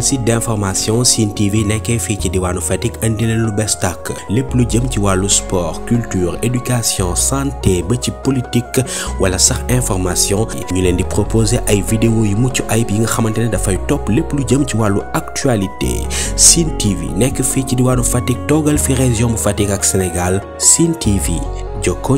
site d'information sin TV qu'un fichier ci diwanu Fatick andi leen lu bees tàkk plus lu jëm ci sport culture éducation santé ba ci politique wala sax information ñu leen di proposer ay vidéo yu muccu ay bi nga xamantene le top top lepp lu jëm ci walu actualité sin TV nek fi ci diwanu Fatick togal fi région bu ak Sénégal TV joko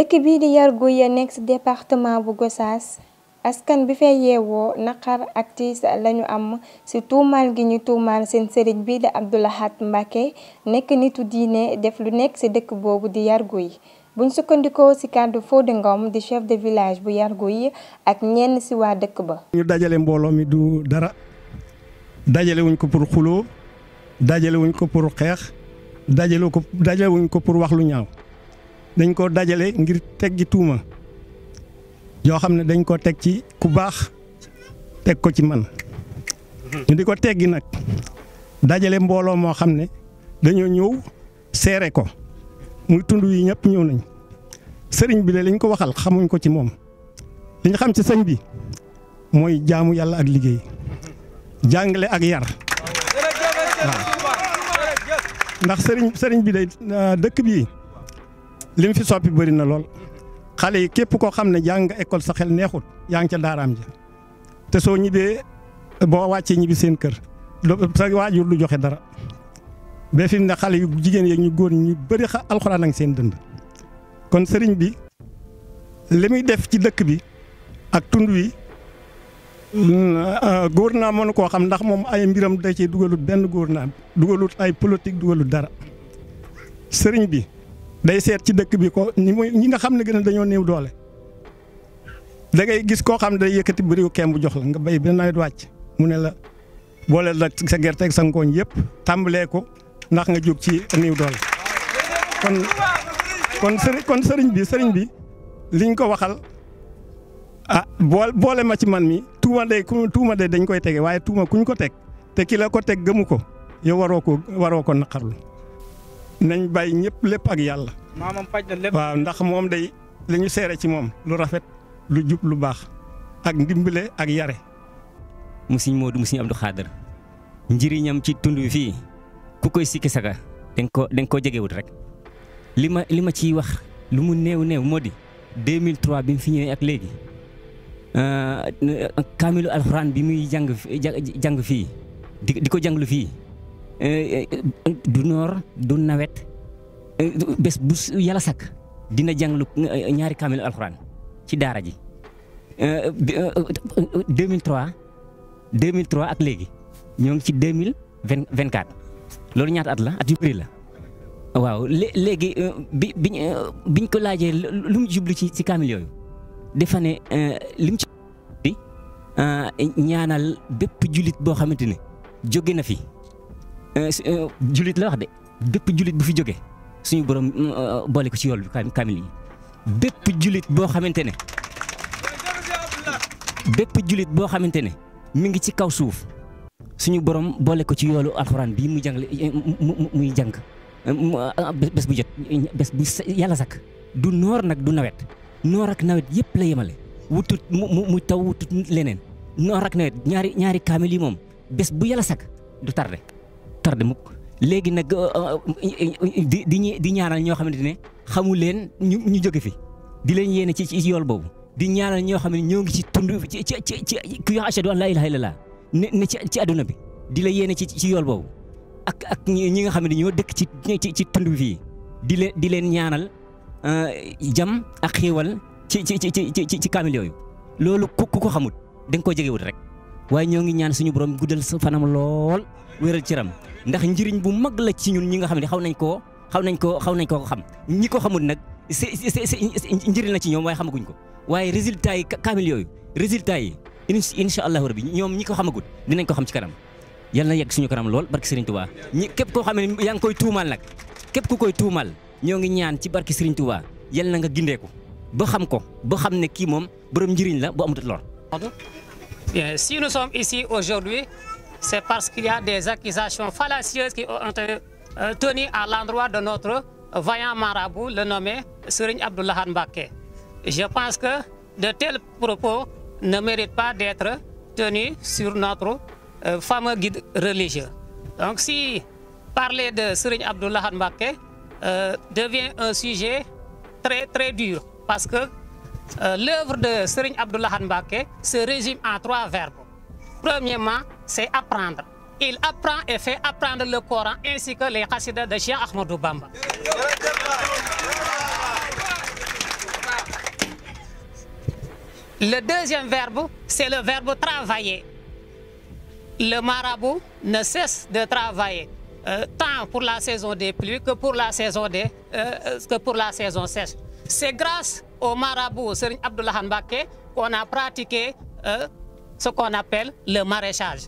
dëkk bii di Yarguy nekk ci département bu Gossas askan bi fee yeewoo naqar ak tiis lañu am ci tuumaal gi ñu tuumaal seen sëriñ bii di Abdou Lahad Mbacké nekk nitu diine def lu nekk ci dëkk boobu di Yarguy buñ sukkandikoo ci kàddu Fodé Ngom di chef de village bu yi ak ñenn ci waa dëkk ba. ñu dajale mbooloo mi du dara dajale ko pour xuloo dajale wuñ ko pour xeex dajale ko dajale ko pour wax lu ñaaw. dañ koo dajale ngir teggi tuuma yoo xam ne dañ koo teg ci ku baax teg ko ci man ñu di ko teggi nag dajale mbooloo moo xam ne dañoo ñëw seere ko muy tund yi ñëpp ñëw nañ sëriñ bi de lañ ko waxal xamuñ ko ci moom lañ xam ci sëñ bi mooy jaamu yàlla ak liggéey jàngale ak yar waaw ndax sëriñ sëriñ bi de euh, dëkk bi li mu fi soppi bëri na lool xale yi képp koo xam ne jàng nga école sa xel neexut yaa ngi ca daaraam ja te soo ñibbee boo wàccee ñibbi seen kër sa waajur du joxe dara ba fi mu ne xale yu jigéen yeeg ñu góor ñu bari xa a ak seen dënd kon sëriñ bi li muy def ci dëkk bi ak tund wi euh, góor naa mënu koo xam ndax moom ay mbiram da cee dugalut benn góor naa dugalut ay politique dugalut dara sëriñ bi. day seet ci dëkk bi ko ñi muy ñi nga xam ne gën a dañoo néew doole dangay gis koo xam ne day yëkkati bëriwu kemb jox la nga béy bi nawet wàcc mu ne la boole la sa gerte ak sa ngooñ yëpp tàmbalee ko ndax nga jóg ci néew doole kon kon sëriñ kon sëriñ bi sëriñ bi liñ ko waxal a ah, boole boole ma ci man mi tuuma day tuuma de dañ koy tege waaye tuuma kuñ ko teg te ki la ko teg gëmu ko yow waroo ko waroo ko naqarlu nañ bàyyi ñëpp lépp ak yàlla. maamam faj waaw ndax moom day li ñu seere ci moom lu rafet lu jub lu baax ak ndimbale ak yare. mu moo Moodu mu sëñ Abdou Khader njëriñam ci tund wi fii ku koy sikki saka dañ ko dañ koo jegewut rek li ma li ma ciy wax lu mu néew néew moo di 2003 bi mu fi ñëwee ak léegi euh, kaamilu alxuraan bi muy jàng fii di ko jànglu fii. Eh, eh, du nord du nawet eh, bes bu yalla sak dina jàng lu ñaari kamil alxuraan ci dara ji 2003 2003 ak léegi ñoo ci 2024 lolu ñaat at la at yu bari la waaw léegi biñ biñ ko laaje lu mu jublu ci ci kamil yoyu dafa ne li mu ci ñaanal bepp julit bo xamanteni joge na fi julit eh, la wax de eh, depp julit bu fi joge suñu mm, eh, borom boole ko ci yool kamil yi depp julit bo xamantene depp julit bo xamantene mi ngi ci kaw suuf suñu borom boole ko ci yoolu alcorane bi mu jàngale muy jang bes bu jot bes bu yalla sak du nor nak du nawet ye ak nawet yep la yemalé wutut mu mu taw wutut lenen nor ak nawet ñaari ñaari kamil yi mom bes bu yalla sak du tarde tardé mukk léegi nag euh, euh, di di di ñaanal ñoo xamante ne xamu leen ñu ñu jóge fi di leen yéene ci ci yool boobu di ñaanal ñoo xam ne ñoo ngi ci tund ci ci ci ci ku wax ashadu ci ci bi di la yéene ci ci yool boobu ak ak ñi nga xam ne ñoo dëkk ci ci ci tund bi fii di leen di leen ñaanal euh, jam ak xéewal ci ci ci ci ci kaamil yooyu loolu ku ku ko xamut da nga koo jegewut rek waaye ñoo ngi ñaan suñu borom guddal fanam lool wéral ci ram ndax njëriñ bu mag la ci ñun ñi nga xam ne xaw nañ koo xaw nañ koo xaw nañ koo xam ñi ko xamul nag c'est c'est la ci ñoom waaye xamaguñ ko waaye résultat yi kaamil yooyu résultat yi incha allahu rabbi ñoom ñi ko xamagut dinañ ko xam ci kanam yàlla na yegg suñu kanam lool barki Serigne Touba ñi képp koo xam ne yaa ngi koy tuumaal nag képp ku koy tuumaal ñoo ngi ñaan ci barki Serigne Touba yal na nga gindeeku ba xam ko boo xam ne kii moom borom njëriñ la bu amutut lor. Euh, c'est parce qu'il y a des accusations fallacieuses qui ont été euh, tenues à l'endroit de notre vaillant marabout, le nommé Serigne Abdullah Mbake. Je pense que de tels propos ne méritent pas d'être tenus sur notre euh, fameux guide religieux. Donc si parler de Serigne Abdullah Hanbake euh, devient un sujet très très dur, parce que l'œuvre de Serigne Abdullah Hanbake se résume en trois verbes. Premièrement, c'est apprendre. Il apprend et fait apprendre le Coran ainsi que les racines de Chien Ahmadou Bamba. Le deuxième verbe, c'est le verbe travailler. Le marabout ne cesse de travailler, euh, tant pour la saison des pluies que pour la saison, des, euh, que pour la saison sèche. C'est grâce au marabout Serigne Abdullah Hanbake qu'on a pratiqué euh, ce qu'on appelle le maraîchage.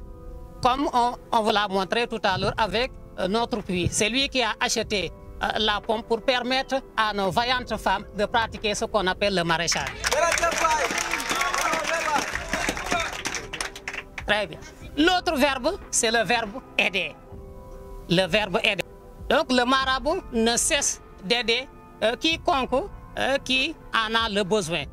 Comme on, vous l'a montré tout à l'heure avec euh, notre puits, c'est lui qui a acheté euh, la pompe pour permettre à nos vaillantes femmes de pratiquer ce qu'on appelle le maraîchage. Très bien. L'autre verbe, c'est le verbe aider. Le verbe aider. Donc le marabout ne cesse d'aider euh, quiconque qui en a le besoin.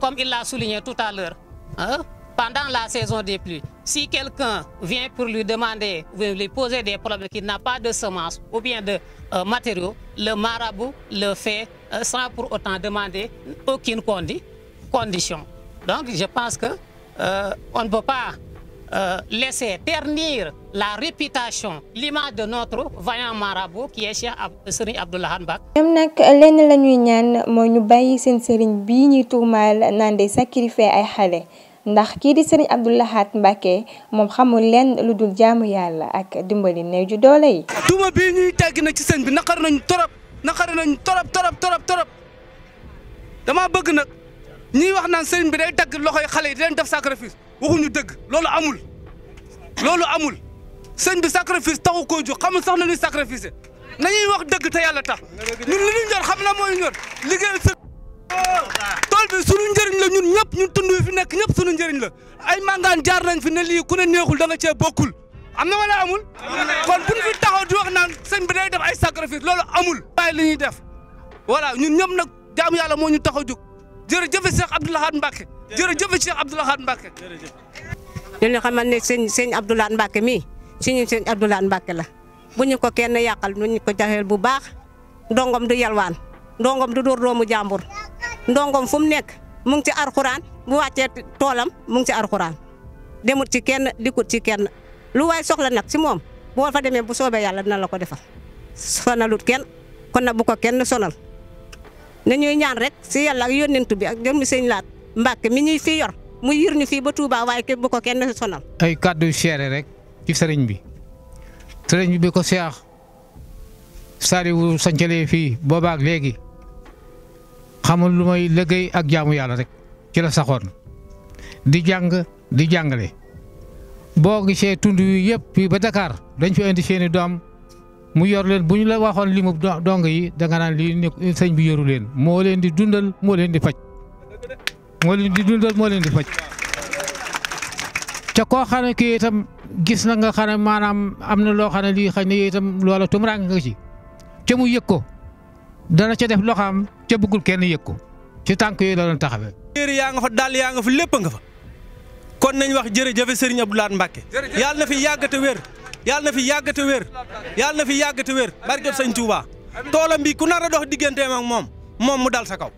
comme il l'a souligné tout à l'heure. Hein, pendant la saison des pluies, si quelqu'un vient pour lui demander, lui poser des problèmes qu'il n'a pas de semences ou bien de euh, matériaux, le marabout le fait euh, sans pour autant demander aucune condition. Donc je pense que euh, on ne peut pas laisser ternir la réputation l'image de notre vaillant marabout qui est chez Serigne Abdullah Hanbak. ndax kii di sëriñ Abdou Lahad Mbacké moom xamul leen lu dul jàmm yàlla ak dimbali néew ju doole yi. duma bii ñuy tegg na ci sëñ bi naqar nañ torop naqar nañ torop torop torop torop dama bëgg nag ñiy wax naan sëriñ bi day tagg yi xale yi di leen def sacrifice waxuñu dëgg loolu amul loolu amul sëñ bi sacrifice taxu koo ju xamul sax na ñuy sacrifice nañuy wax dëgg te yàlla tax ñun li ñu ñor xam na mooy ñor liggéeyal tool bi sunu njëriñ la ñun ñëpp ñun tund fi nekk ñëpp sunu njëriñ la ay mangaan jaar nañ fi ne lii ku neexul da nga cee bokkul am na wala amul kon buñ fi taxaw di naan sëñ bi day def ay sacrifice la amul bàyyi li ñuy def voilà ñun ñëpp nag jaamu yàlla moo ñu tax a jóg jërëjëf Cheikh Abdou Lahad jër jërëjëf Cheikh Abdou Lahad Mbacké ñu xamal ne sëñ sëñ Abdou Lahad Mbacké mii suñu sëñ Abdou Lahad la bu ñu ko kenn yàqal ñu ko jaxeel bu baax dongom du yalwaan ndongom du dóor doomu jambour ndongom fum mu mu ngi ci alcorane bu wacce tolam mu ngi ci alcorane demut ci kenn dikkut ci kenn lu way soxla nak ci mom bo fa demé bu sobe yalla dina la ko defal sonalut kenn kon na bu ko kenn sonal na ñuy ñaan rek si yalla ak yonentou bi ak jëmmi sëñ lat mbacke mi ñuy fi yor mu yir ñu ba Touba ke bu ko kenn sonal. ay cadeau chéré rek ci bi sëriñ bi bi ko seex Saliou sancalee fii legi xamul lu may liggéey ak jaamu yàlla rek ci la saxoon di jàng di jàngale boo gisee tund yi yëpp fii ba Dakar dañ fi indi seeni doom mu yor leen bu ñu la waxoon limu dong yi da nga naan lii nekk sëñ bi yoru leen moo leen di dundal moo leen di faj moo leen di dundal moo leen di faj te koo xam ne kii gis na nga xam ne maanaam am na loo xam ne lii xëy na itam loola tumuraan nga ci te mu yëg ko dana ci def loxam ci bëggul kenn yëg ci tank yu la doon taxawé yeer ya nga fa dal ya nga fa lepp nga fa kon nañ wax jërëjëf Serigne Abdou Lahad Mbacké yàlla na fi yàgg te yalla na fi yalla na fi barke serigne Touba bi ku nara dox digganteem ak mom mom mu dal sa kaw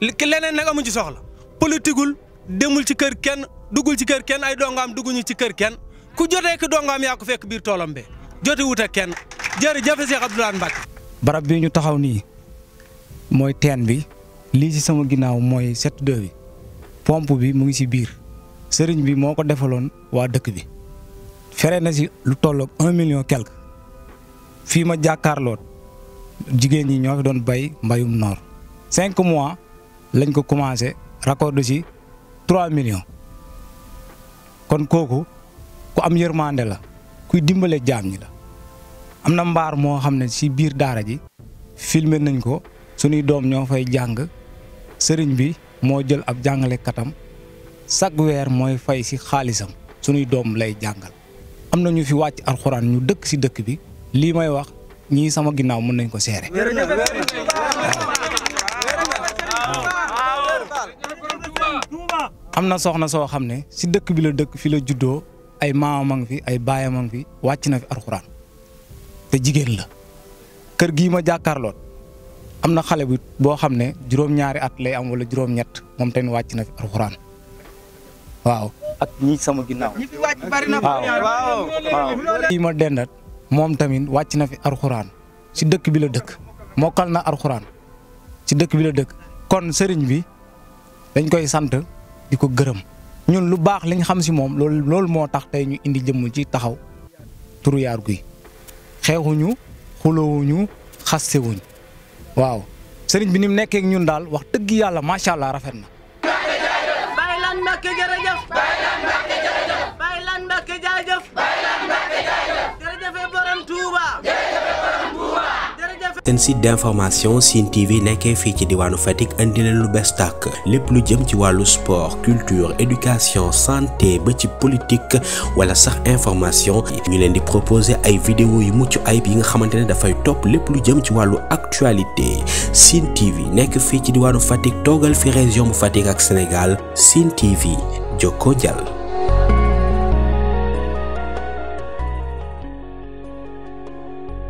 leneen nak amu ci soxla politikul demul ci kër kenn dugul ci kër kenn ay dongaam duguñu ci kër kenn ku jotee ki dongaam ya ko fekk bir be jote wut ak kenn jërëjëf Cheikh serigne Mbacké barab bi ñu taxaw nii mooy teen bi lii ci sama ginnaaw mooy set deux bi pompe bi mu ngi ci biir sëriñ bi moo ko defaloon waa dëkk bi fere na ci lu tolloog un million quelque fii ma jàkkaarloot jigéen ñi ñoo fi doon bay mbayum noor cinq mois lañ ko commencé raccordé ci trois millions kon kooku ku am yërmande la kuy dimbale jaam ñi la am na mbaar moo xam ne si biir daara ji filmer nañ ko suñuy doom ñoo fay jàng sëriñ bi moo jël ab jàngale katam chaque weer mooy fay si xaalisam suñuy doom lay jàngal am na ñu fi wàcc alxuraan ñu dëkk si dëkk bi lii may wax ñii sama ginnaaw mën nañ ko seere am na soxna soo xam ne si dëkk bi la dëkk fi la juddoo ay maamam ngi fi ay baayam fi wàcc na fi alxuraan jigéen la kër gi ma jàkkaarloot am na xale bu boo xam ne juróom-ñaari at lay am wala juróom-ñett moom tamit wàcc na fi alxuraan waaw ak ñi sama ginnaaw waaw ma dendat moom tamit wàcc na fi alxuraan ci dëkk bi la dëkk mokkal na alxuraan ci dëkk bi la dëkk kon sëriñ bi dañ koy sant di ko gërëm ñun lu baax liñ xam si moom loolu moo tax tey ñu indi jëmm ci taxaw turu yaar guy xeexuñu xulowuñu xastewuñ waaw sëriñ bi ni mu nekkee ñun daal wax dëgg yàlla macha allah rafet na. seen site d'information Sine TV nekkee fii ci diwaanu Fatick indi leen lu bees tàkk lépp lu jëm ci sport culture éducation santé politique, ci politique la sax information ñu leen di proposer ay vidéo yu mucc ayib yi nga xamante top les plus lépp lu jëm ci actualité Sine TV nekk fii ci diwaanu Fatick toogal fi région bu Fatick ak Sénégal Sine TV Djoko Djal.